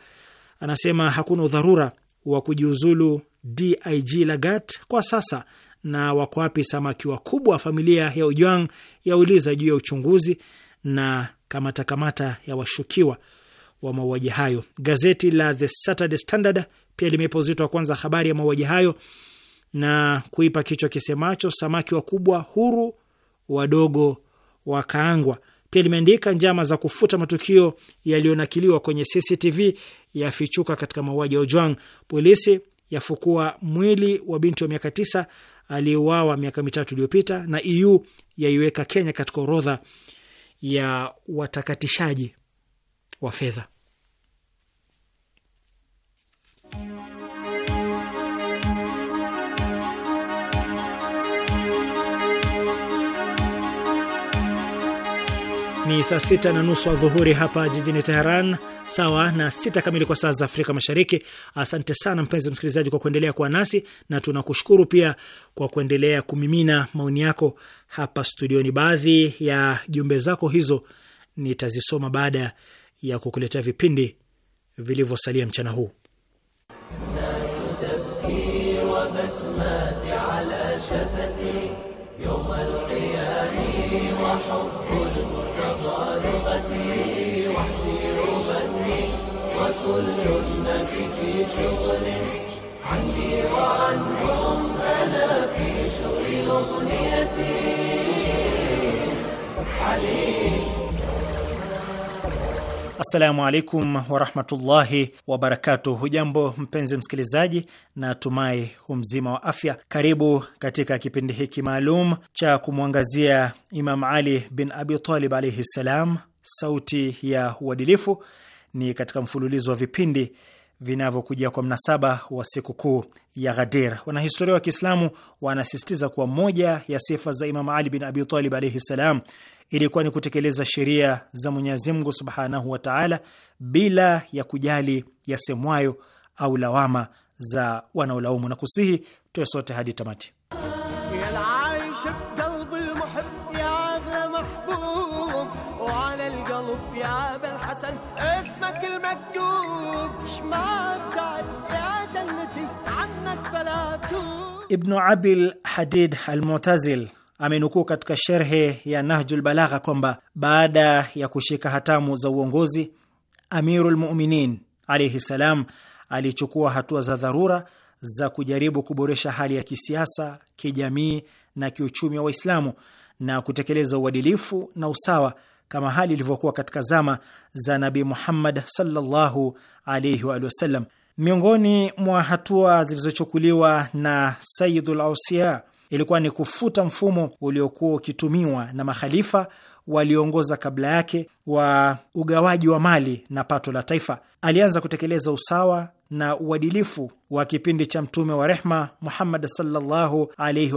Speaker 2: anasema hakuna udharura wa kujiuzulu DIG Lagat kwa sasa, na wako wapi samaki wakubwa? Familia ya Ojwang yauliza juu ya uchunguzi na kamata kamata ya washukiwa wa mauaji hayo. Gazeti la The Saturday Standard pia limeipa uzito wa kwanza habari ya mauaji hayo na kuipa kichwa kisemacho samaki wakubwa huru, wadogo wakaangwa. Pia limeandika njama za kufuta matukio yaliyonakiliwa kwenye CCTV yafichuka katika mauaji ya Ojwang. Polisi yafukua mwili wa binti wa miaka tisa aliyeuawa miaka mitatu iliyopita, na EU yaiweka Kenya katika orodha ya watakatishaji wa fedha. Ni saa sita na nusu adhuhuri hapa jijini Teheran, sawa na sita kamili kwa saa za Afrika Mashariki. Asante sana mpenzi msikilizaji kwa kuendelea kuwa nasi na tunakushukuru pia kwa kuendelea kumimina maoni yako hapa studioni. Baadhi ya jumbe zako hizo nitazisoma baada ya kukuletea vipindi vilivyosalia mchana huu. Assalamu alaikum warahmatullahi wabarakatuh. Hujambo mpenzi msikilizaji, na tumai humzima wa afya. Karibu katika kipindi hiki maalum cha kumwangazia Imam Ali bin Abi Talib alaihi ssalam, sauti ya uadilifu. Ni katika mfululizo wa vipindi vinavyokujia kwa mnasaba wa sikukuu ya Ghadir. Wanahistoria wa Kiislamu wanasisitiza kuwa moja ya sifa za Imam Ali bin Abi Talib alaihi ssalam ilikuwa ni kutekeleza sheria za Mwenyezi Mungu subhanahu wa taala bila ya kujali yasemwayo au lawama za wanaolaumu, na kusihi tuwe sote hadi tamati. Ibnu Abil Hadid Almutazil amenukuu katika sherhe ya Nahjul Balagha kwamba baada ya kushika hatamu za uongozi, Amirul Muminin alaihi ssalam alichukua hatua za dharura za kujaribu kuboresha hali ya kisiasa, kijamii na kiuchumi wa Waislamu na kutekeleza uadilifu na usawa kama hali ilivyokuwa katika zama za Nabi Muhammad sallallahu alaihi waalihi wasallam. Miongoni mwa hatua zilizochukuliwa na Sayidul Ausia ilikuwa ni kufuta mfumo uliokuwa ukitumiwa na makhalifa walioongoza kabla yake wa ugawaji wa mali na pato la taifa. Alianza kutekeleza usawa na uadilifu wa kipindi cha mtume wa rehma Muhammad sallallahu alaihi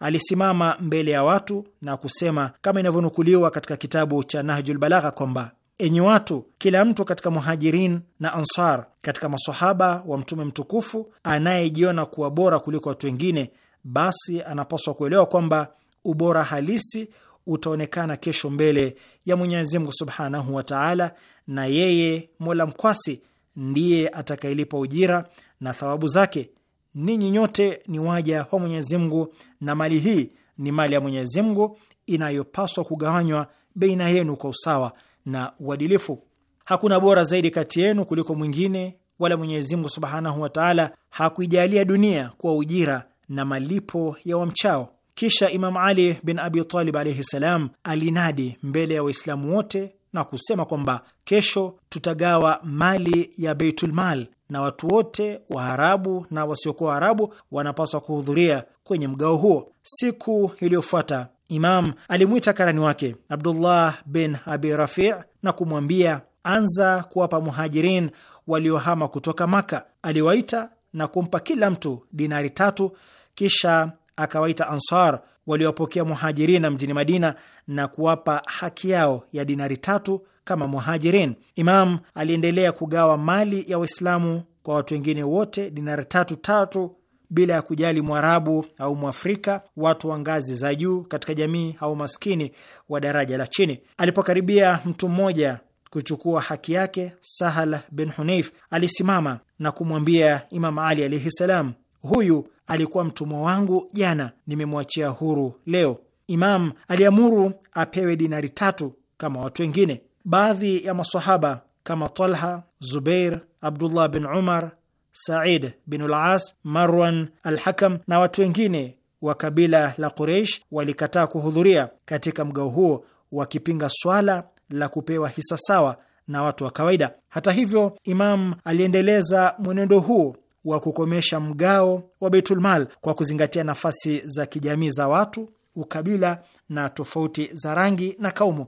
Speaker 2: Alisimama mbele ya watu na kusema kama inavyonukuliwa katika kitabu cha Nahjul Balagha kwamba Enyi watu, kila mtu katika Muhajirin na Ansar, katika masahaba wa mtume mtukufu, anayejiona kuwa bora kuliko watu wengine basi anapaswa kuelewa kwamba ubora halisi utaonekana kesho mbele ya Mwenyezi Mungu subhanahu wa taala, na yeye mola mkwasi ndiye atakayelipa ujira na thawabu zake. Ninyi nyote ni waja wa Mwenyezi Mungu, na mali hii ni mali ya Mwenyezi Mungu inayopaswa kugawanywa baina yenu kwa usawa na uadilifu. Hakuna bora zaidi kati yenu kuliko mwingine, wala Mwenyezi Mungu subhanahu wa taala hakuijalia dunia kuwa ujira na malipo ya wamchao. Kisha Imam Ali bin Abi Talib alaihi salam alinadi mbele ya Waislamu wote na kusema kwamba kesho tutagawa mali ya Beitulmal na watu wote Waarabu na wasiokuwa Waarabu wanapaswa kuhudhuria kwenye mgao huo. Siku iliyofuata Imam alimwita karani wake Abdullah bin Abi Rafi na kumwambia, anza kuwapa Muhajirin waliohama kutoka Maka. Aliwaita na kumpa kila mtu dinari tatu kisha akawaita Ansar waliowapokea Muhajirina mjini Madina na kuwapa haki yao ya dinari tatu kama Muhajirin. Imam aliendelea kugawa mali ya Waislamu kwa watu wengine wote dinari tatu tatu bila ya kujali Mwarabu au Mwafrika, watu wa ngazi za juu katika jamii au maskini wa daraja la chini. Alipokaribia mtu mmoja kuchukua haki yake, Sahal bin Huneif alisimama na kumwambia Imam Ali alaihi salam, huyu alikuwa mtumwa wangu jana, nimemwachia huru leo. Imam aliamuru apewe dinari tatu kama watu wengine. Baadhi ya masahaba kama Talha, Zubair, Abdullah bin Umar, Said bin Ulas, Marwan Alhakam na watu wengine wa kabila la Quraish walikataa kuhudhuria katika mgao huo, wakipinga swala la kupewa hisa sawa na watu wa kawaida. Hata hivyo, Imam aliendeleza mwenendo huo wa kukomesha mgao wa Beitulmal kwa kuzingatia nafasi za kijamii za watu, ukabila na tofauti za rangi na kaumu,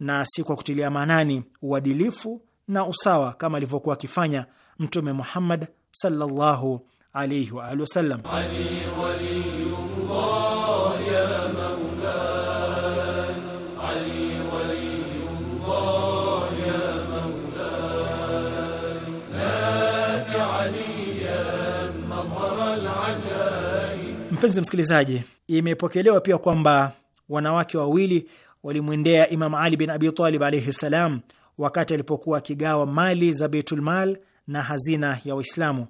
Speaker 2: na si kwa kutilia maanani uadilifu na usawa kama alivyokuwa akifanya Mtume Muhammad sallallahu alaihi wa alihi wasallam. Mpenzi msikilizaji, imepokelewa pia kwamba wanawake wawili walimwendea Imam Ali bin Abi Talib alaihi salam wakati alipokuwa akigawa mali za Beitulmal na hazina ya Waislamu.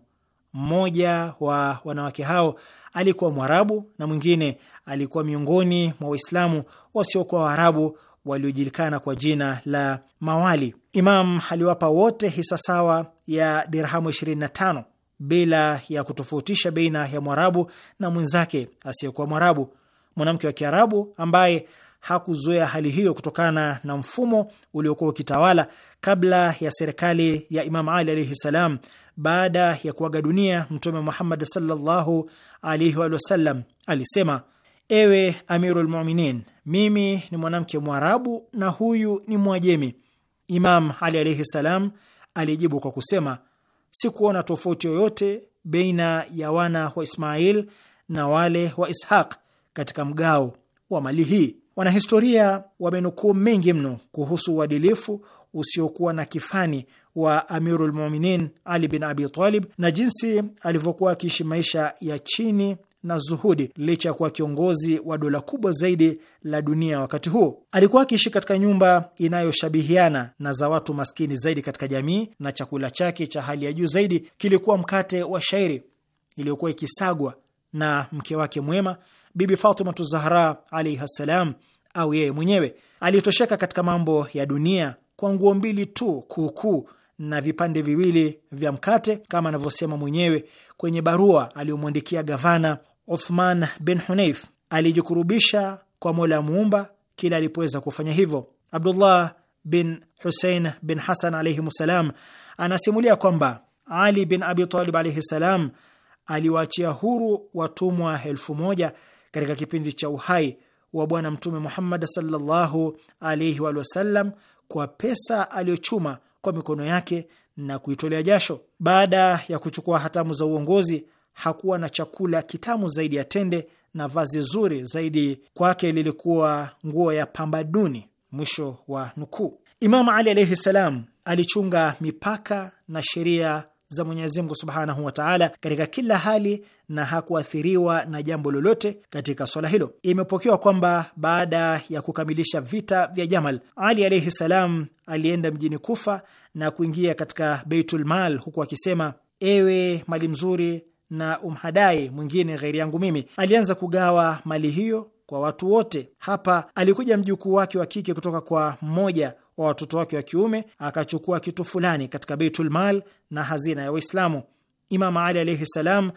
Speaker 2: Mmoja wa wanawake hao alikuwa Mwarabu na mwingine alikuwa miongoni mwa Waislamu wasiokuwa Waarabu waliojulikana kwa jina la mawali. Imam aliwapa wote hisa sawa ya dirhamu 25 bila ya kutofautisha baina ya Mwarabu na mwenzake asiyekuwa Mwarabu. Mwanamke wa Kiarabu ambaye hakuzoea hali hiyo kutokana na mfumo uliokuwa ukitawala kabla ya serikali ya Imam Ali alaihi salam, baada ya kuaga dunia Mtume Muhammad sallallahu alaihi wasallam, alisema: ewe Amirul Muminin, mimi ni mwanamke Mwarabu na huyu ni Mwajemi. Imam Ali alaihi salam alijibu kwa kusema sikuona tofauti yoyote baina ya wana wa Ismail na wale wa Ishaq katika mgao wa mali hii. Wanahistoria wamenukuu mengi mno kuhusu uadilifu usiokuwa na kifani wa amirulmuminin Ali bin Abi Talib na jinsi alivyokuwa akiishi maisha ya chini na zuhudi, licha ya kuwa kiongozi wa dola kubwa zaidi la dunia wakati huo. Alikuwa akiishi katika nyumba inayoshabihiana na za watu maskini zaidi katika jamii, na chakula chake cha hali ya juu zaidi kilikuwa mkate wa shairi iliyokuwa ikisagwa na mke wake mwema Bibi Fatimatu Zahra alaihi ssalam, au yeye mwenyewe. Alitosheka katika mambo ya dunia kwa nguo mbili tu kuukuu na vipande viwili vya mkate, kama anavyosema mwenyewe kwenye barua aliyomwandikia gavana Uthman bin Huneif alijikurubisha kwa Mola muumba kila alipoweza kufanya hivyo. Abdullah bin Husein bin Hasan salam anasimulia kwamba Ali bin Abi Talib alaihi ssalam aliwaachia huru watumwa elfu moja katika kipindi cha uhai wa Bwana Mtume Muhammad sallallahu alaihi wasallam kwa pesa aliyochuma kwa mikono yake na kuitolea jasho. Baada ya kuchukua hatamu za uongozi, hakuwa na chakula kitamu zaidi ya tende na vazi zuri zaidi kwake lilikuwa nguo ya pamba duni. Mwisho wa nukuu. Imamu Ali alaihi salam alichunga mipaka na sheria za Mwenyezi Mungu subhanahu wa taala katika kila hali na hakuathiriwa na jambo lolote katika swala hilo. Imepokewa kwamba baada ya kukamilisha vita vya Jamal, Ali alaihi salam alienda mjini Kufa na kuingia katika Beitul Mal huku akisema: ewe mali mzuri na umhadai mwingine ghairi yangu mimi. Alianza kugawa mali hiyo kwa watu wote. Hapa alikuja mjukuu wake wa kike kutoka kwa mmoja wa watoto wake wa kiume, akachukua kitu fulani katika Beitul Mal na hazina ya Waislamu. Imamu Ali alaihi salam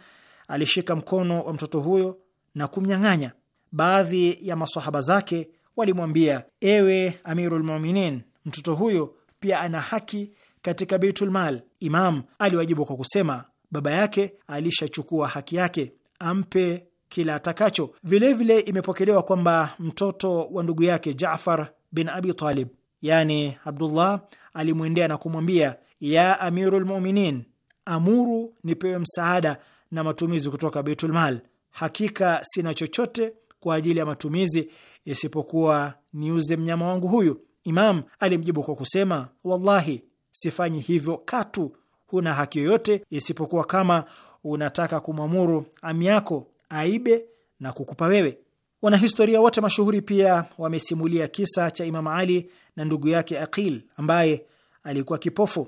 Speaker 2: alishika mkono wa mtoto huyo na kumnyang'anya. Baadhi ya masahaba zake walimwambia, ewe Amirul Muminin, mtoto huyo pia ana haki katika Beitul Mal. Imam aliwajibu kwa kusema baba yake alishachukua haki yake, ampe kila atakacho. Vilevile imepokelewa kwamba mtoto wa ndugu yake Jafar bin Abi Talib, yani Abdullah, alimwendea na kumwambia ya amiru lmuminin, amuru nipewe msaada na matumizi kutoka Beitulmal. Hakika sina chochote kwa ajili ya matumizi isipokuwa niuze mnyama wangu huyu. Imam alimjibu kwa kusema, wallahi sifanyi hivyo katu huna haki yoyote isipokuwa kama unataka kumwamuru ami yako aibe na kukupa wewe. Wanahistoria wote mashuhuri pia wamesimulia kisa cha Imam Ali na ndugu yake Aqil ambaye alikuwa kipofu.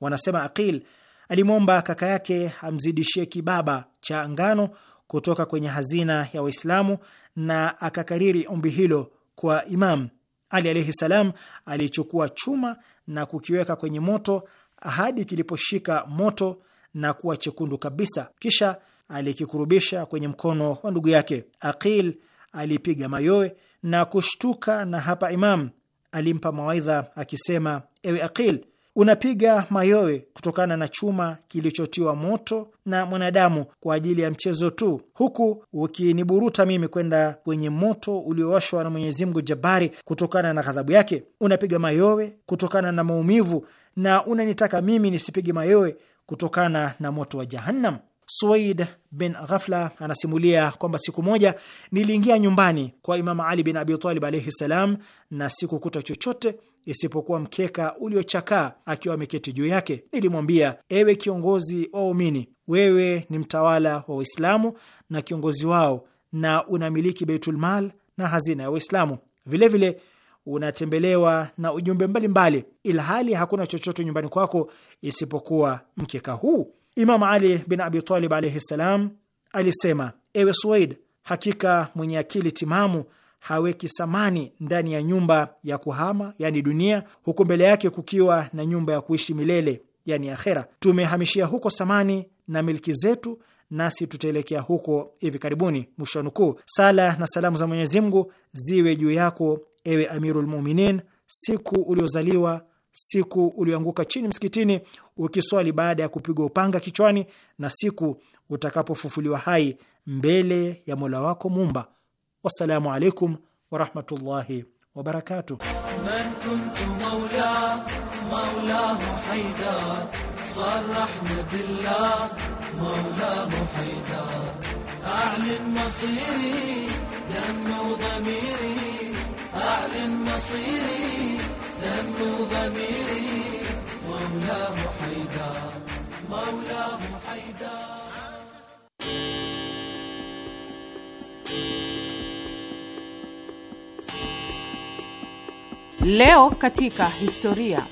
Speaker 2: Wanasema Aqil alimwomba kaka yake amzidishie kibaba cha ngano kutoka kwenye hazina ya Waislamu na akakariri ombi hilo kwa Imam Ali alaihi salam. Alichukua chuma na kukiweka kwenye moto hadi kiliposhika moto na kuwa chekundu kabisa, kisha alikikurubisha kwenye mkono wa ndugu yake. Aqil alipiga mayowe na kushtuka, na hapa Imam alimpa mawaidha akisema, ewe Aqil, unapiga mayowe kutokana na chuma kilichotiwa moto na mwanadamu kwa ajili ya mchezo tu, huku ukiniburuta mimi kwenda kwenye moto uliowashwa na Mwenyezi Mungu Jabari kutokana na ghadhabu yake. Unapiga mayowe kutokana na maumivu na unanitaka mimi nisipige mayowe kutokana na moto wa Jahannam. Suwaid bin Ghafla anasimulia kwamba siku moja niliingia nyumbani kwa Imamu Ali bin Abi Talib alaihi ssalam, na sikukuta chochote isipokuwa mkeka uliochakaa akiwa ameketi juu yake. Nilimwambia, ewe kiongozi wa waumini, wewe ni mtawala wa Waislamu na kiongozi wao, na unamiliki beitulmal na hazina ya Waislamu. Vilevile unatembelewa na ujumbe mbalimbali, ilhali hakuna chochote nyumbani kwako isipokuwa mkeka huu. Imam Ali bin Abi Talib alaihi ssalam alisema, ewe Suwaid, hakika mwenye akili timamu haweki samani ndani ya nyumba ya kuhama, yani dunia, huku mbele yake kukiwa na nyumba ya kuishi milele, yani akhera. Tumehamishia huko samani na milki zetu, nasi tutaelekea huko hivi karibuni. Mwisho wa nukuu. Sala na salamu za Mwenyezi Mungu ziwe juu yako ewe Amirul Muminin, siku uliozaliwa, siku ulioanguka chini msikitini ukiswali baada ya kupigwa upanga kichwani, na siku utakapofufuliwa hai mbele ya Mola wako Mumba. Wassalamu alaikum warahmatullahi wabarakatuh.
Speaker 4: أعلن مصيري دم ضميري مولاه حيدر مولاه حيدر Leo katika historia.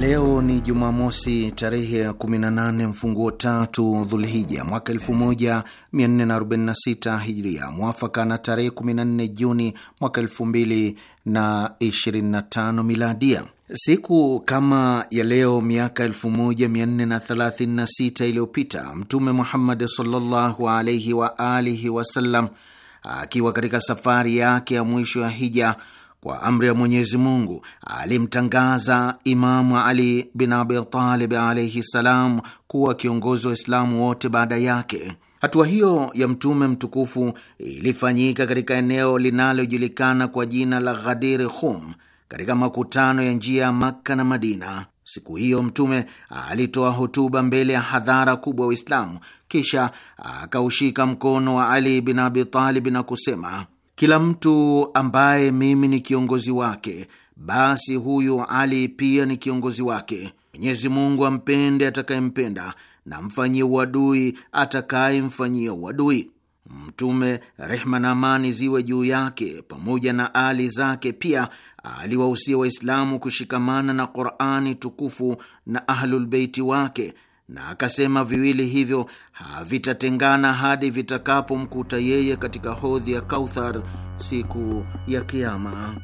Speaker 5: Leo ni Jumamosi tarehe ya 18 mfunguo tatu Dhulhija mwaka 1446 Hijria, mwafaka na tarehe 14 Juni mwaka 2025 Miladia. Siku kama ya leo miaka 1436 iliyopita Mtume Muhammad sallallahu alaihi wa alihi wasallam akiwa katika safari yake ya mwisho ya hija kwa amri ya Mwenyezi Mungu alimtangaza Imamu Ali bin Abi Talib alaihi ssalam kuwa kiongozi wa Waislamu wote baada yake. Hatua hiyo ya Mtume mtukufu ilifanyika katika eneo linalojulikana kwa jina la Ghadiri Khum, katika makutano ya njia ya Makka na Madina. Siku hiyo Mtume alitoa hotuba mbele ya hadhara kubwa Waislamu, kisha akaushika mkono wa Ali bin Abi Talib na kusema kila mtu ambaye mimi ni kiongozi wake, basi huyu Ali pia ni kiongozi wake. Mwenyezi Mungu ampende atakayempenda na mfanyie uadui atakayemfanyia uadui. Mtume, rehma na amani ziwe juu yake, pamoja na ali zake, pia aliwahusia Waislamu kushikamana na Qurani tukufu na Ahlulbeiti wake na akasema viwili hivyo havitatengana hadi vitakapomkuta yeye katika hodhi ya Kauthar siku ya Kiama.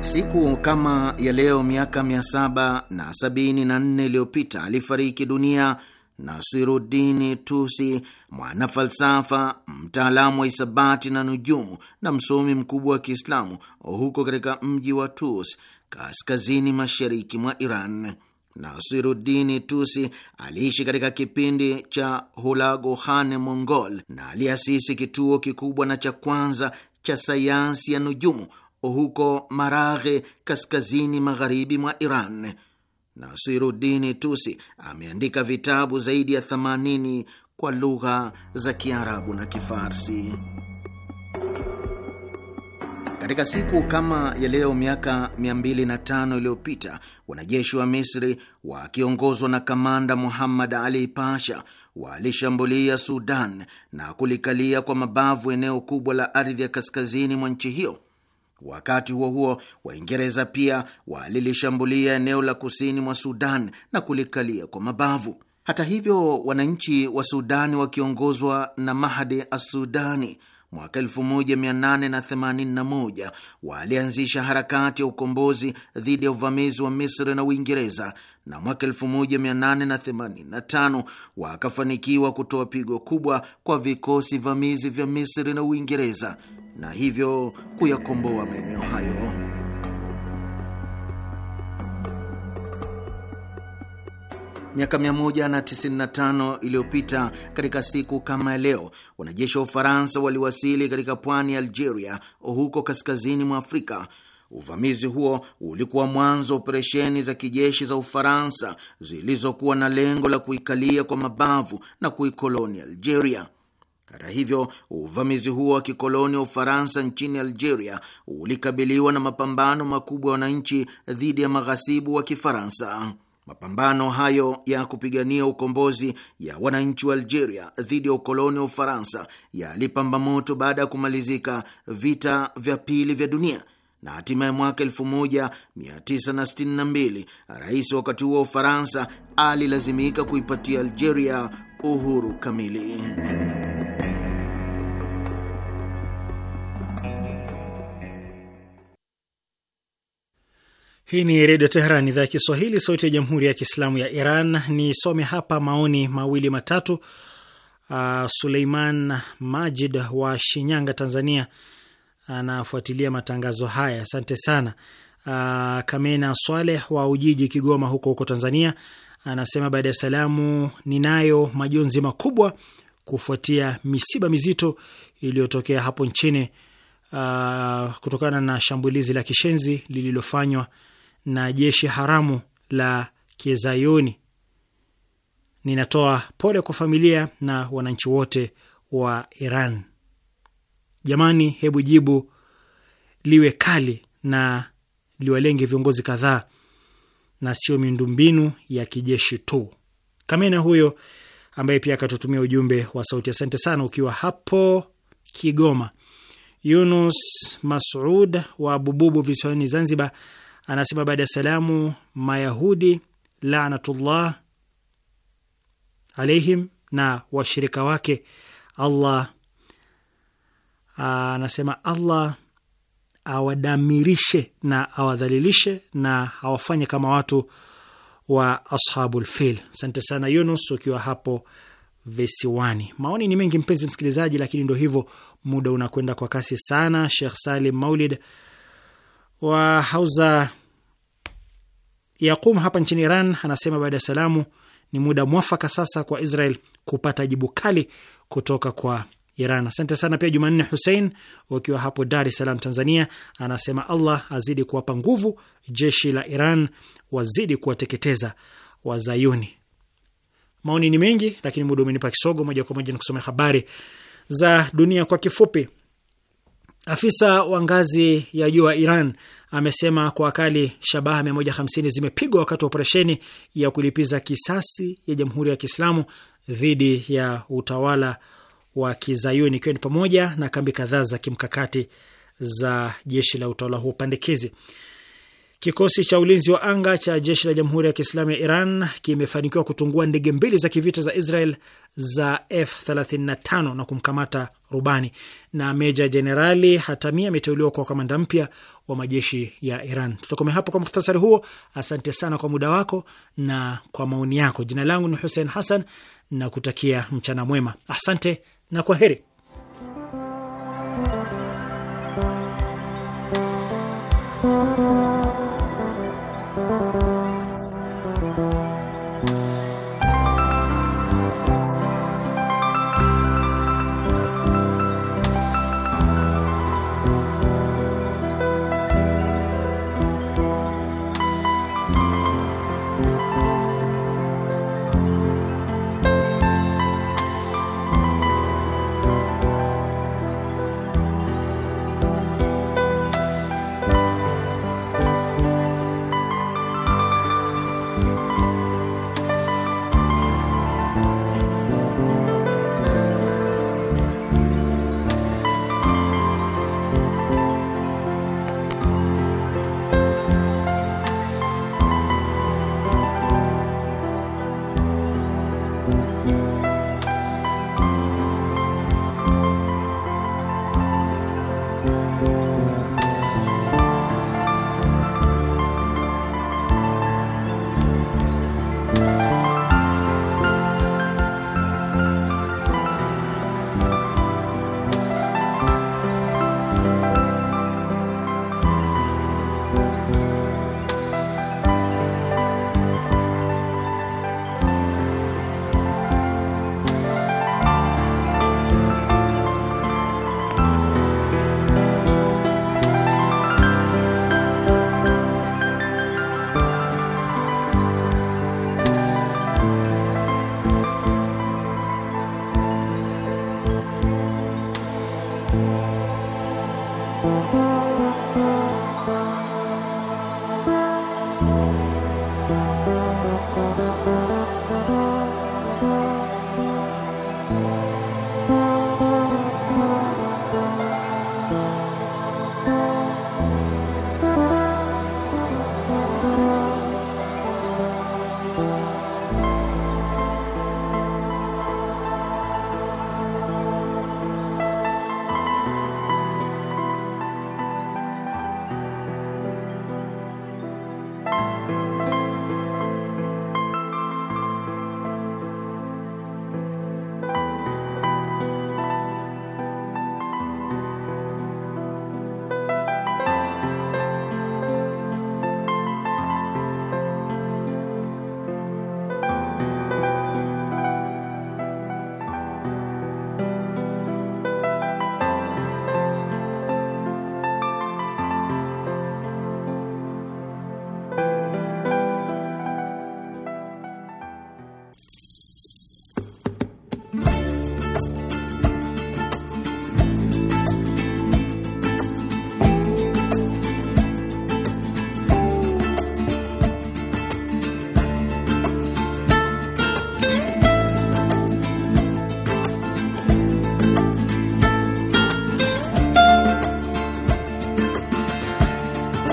Speaker 5: Siku kama ya leo miaka na 774 iliyopita alifariki dunia nasirudini Tusi, mwanafalsafa, mtaalamu wa hisabati na nujumu na msomi mkubwa wa Kiislamu, huko katika mji wa Tus kaskazini mashariki mwa Iran. Nasiruddini Tusi aliishi katika kipindi cha Hulagu Khan Mongol na aliasisi kituo kikubwa na cha kwanza cha sayansi ya nujumu huko Maraghe, kaskazini magharibi mwa Iran. Nasiruddini Tusi ameandika vitabu zaidi ya 80 kwa lugha za Kiarabu na Kifarsi. Katika siku kama ya leo miaka 205 iliyopita wanajeshi wa Misri wakiongozwa na kamanda Muhammad Ali Pasha walishambulia Sudan na kulikalia kwa mabavu eneo kubwa la ardhi ya kaskazini mwa nchi hiyo. Wakati huo huo, Waingereza pia walilishambulia eneo la kusini mwa Sudan na kulikalia kwa mabavu. Hata hivyo, wananchi wa Sudani wakiongozwa na Mahdi Assudani mwaka 1881 walianzisha harakati ya ukombozi dhidi ya uvamizi wa Misri na Uingereza, na mwaka 1885 wakafanikiwa kutoa pigo kubwa kwa vikosi vamizi vya Misri na Uingereza na hivyo kuyakomboa maeneo hayo. Miaka 195 iliyopita katika siku kama ya leo, wanajeshi wa Ufaransa waliwasili katika pwani ya Algeria, huko kaskazini mwa Afrika. Uvamizi huo ulikuwa mwanzo wa operesheni za kijeshi za Ufaransa zilizokuwa na lengo la kuikalia kwa mabavu na kuikoloni Algeria. Hata hivyo, uvamizi huo wa kikoloni wa Ufaransa nchini Algeria ulikabiliwa na mapambano makubwa ya wananchi dhidi ya maghasibu wa Kifaransa. Mapambano hayo ya kupigania ukombozi ya wananchi wa Algeria dhidi ya ukoloni wa Ufaransa yalipamba moto baada ya kumalizika vita vya pili vya dunia na hatimaye mwaka 1962 rais wakati huo wa Ufaransa alilazimika kuipatia Algeria uhuru kamili.
Speaker 2: Hii ni Redio Teheran, idhaa ya Kiswahili, sauti ya Jamhuri ya Kiislamu ya Iran. Nisome hapa maoni mawili matatu. Uh, Suleiman Majid wa Shinyanga, Tanzania anafuatilia matangazo haya, asante sana. Uh, Kamena Swaleh wa Ujiji, Kigoma huko huko Tanzania anasema, baada ya salamu, ninayo majonzi makubwa kufuatia misiba mizito iliyotokea hapo nchini, uh, kutokana na shambulizi la kishenzi lililofanywa na jeshi haramu la kizayoni Ninatoa pole kwa familia na wananchi wote wa Iran. Jamani, hebu jibu liwe kali na liwalenge viongozi kadhaa na sio miundombinu ya kijeshi tu. Kamena huyo ambaye pia akatutumia ujumbe wa sauti. Asante sana ukiwa hapo Kigoma. Yunus Masud wa Bububu visiwani Zanzibar Anasema baada ya salamu, Mayahudi laanatullah alaihim na washirika wake Allah anasema Allah awadamirishe na awadhalilishe na awafanye kama watu wa ashabul fil. Asante sana Yunus, ukiwa hapo visiwani. Maoni ni mengi mpenzi msikilizaji, lakini ndo hivyo, muda unakwenda kwa kasi sana. Shekh Salim Maulid wa hauza Yakum hapa nchini Iran anasema baada ya salamu, ni muda mwafaka sasa kwa Israel kupata jibu kali kutoka kwa Iran. Asante sana pia Jumanne Hussein wakiwa hapo Dar es Salaam, Tanzania, anasema Allah azidi kuwapa nguvu jeshi la Iran, wazidi kuwateketeza Wazayuni. Maoni ni mengi, lakini muda umenipa kisogo. Moja kwa moja ni kusomea habari za dunia kwa kifupi. Afisa wa ngazi ya juu wa Iran amesema kwa akali shabaha 150 zimepigwa wakati wa operesheni ya kulipiza kisasi ya Jamhuri ya Kiislamu dhidi ya utawala wa Kizayuni, ikiwa ni pamoja na kambi kadhaa za kimkakati za jeshi la utawala huo pandikizi. Kikosi cha ulinzi wa anga cha jeshi la Jamhuri ya Kiislamu ya Iran kimefanikiwa kutungua ndege mbili za kivita za Israel za F35 na kumkamata rubani. Na Meja Jenerali Hatami ameteuliwa kwa kamanda mpya wa majeshi ya Iran. Tutakome hapo kwa muhtasari huo. Asante sana kwa muda wako na kwa maoni yako. Jina langu ni Hussein Hassan na kutakia mchana mwema. Asante na kwa heri.